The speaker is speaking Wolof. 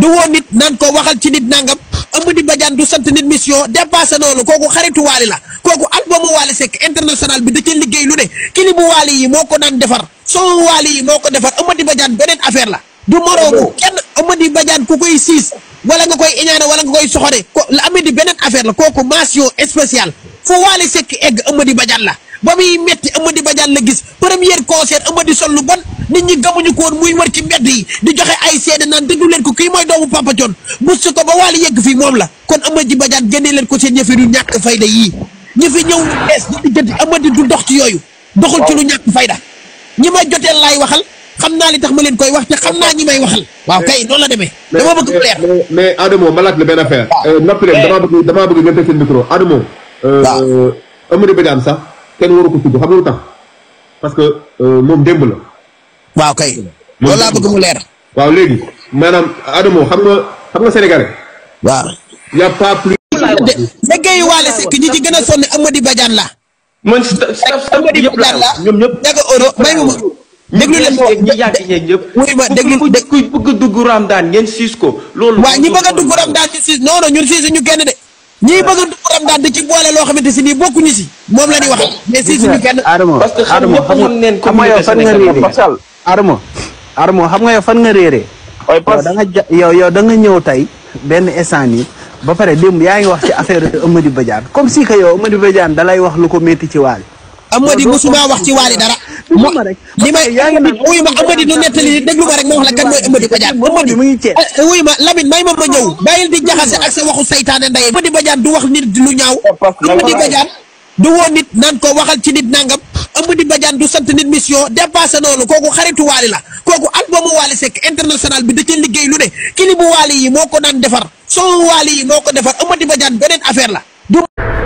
du woo nit naan koo waxal ci nit nangam Amady Badiane du sant nit mission dépassé noonu kooku xaritu waali la kooku albumu waali sekk international bi da cee liggéey lu ne kilimu waali yi moo ko naan defar soo waali yi moo ko defar Amady Badiane beneen affaire la. du moroomu kenn Amady bajaan ku koy siis wala nga koy iñaane wala nga koy soxore ko la Amady beneen affaire la kooku mention spéciale fu waali Seck egg Amady Badiane la ba muy metti Amady Badiane la gis première concert Amady sol lu bon. nit ñi gamuñu ko muy war ci mbedd yi di joxe ay seede naan déglu leen ko kii mooy doomu Papa Thione bus ba waali yegg fii moom la kon Amady Badiane génnee leen ko seen ñëfi du ñàkk fayda yii ñi fi ñëw ees di diggante Amady du dox ci yooyu doxul ci lu ñàkk fayda ñi may joteel laay waxal xam naa li tax ma leen koy wax te xam naa ñi may waxal waaw kay noonu la demee dama bëgg mu leer mais Adamo ma laaj la benn affaire euh, noppi leen damaa bëgg damaa bëgg ngeen teg seen euh, sax kenn waru ko tudd xam nga tax parce que euh, moom démb la waaw kay. loolu laa bëgg mu leer. waaw léegi maanaam Adamo xam nga xam nga sénégalais. waaw. y' a pas plus. liggéeyu Wally Seck ñi ci gën a sonn Amady Badiane la. man Amady Badiane la ñoom ñëpp. Ndiaga Oro may ma ma. déglu leen ma ñi yàgg ñeeg ñëpp. wuy ma déglu dé ku bëgg a dugg Ramadan ngeen siis ko. loolu waaw ñi bëgg a dugg Ramadan ci siis non non ñun siis ñu kenn de. ñii bëgg a dugg Ramadan di ci boole loo xamante si nii bokkuñu si moom la ñuy wax mais siis ñu kenn. parce que xam nga xam nga yow Armo Armo xam nga yow fan nga réeree. ooy pos da nga ja yow yow da nga ñëw tey benn instant yi ba pare démb yaa ngi wax ci affaire Amady Badiane comme si que yow Amady Badiane da lay wax lu ko metti ci waal waali. Amady musuma wax ci waali dara. mo li may wuyu ma Amady nu nettali déglu ma rek ma wax la kan mooy Amady Badiane Amady eh, eh, wuyu ma Lamine may ma ma ñëw ah. bàyyil di jaxase ak se waxu saytaane ndey Amady Badiane du wax nit lu ñaaw eh, Amady Badiane du woo nit naan koo waxal ci nit nangam Amady Badiane du sant nit mission dépassé noonu kooku xaritu waali la kooku albumu waali Seck international bi da ca liggéey lu ne kilibu waali yi moo ko naan defar son waali yi moo ko defar Amady Badiane beneen affaire la.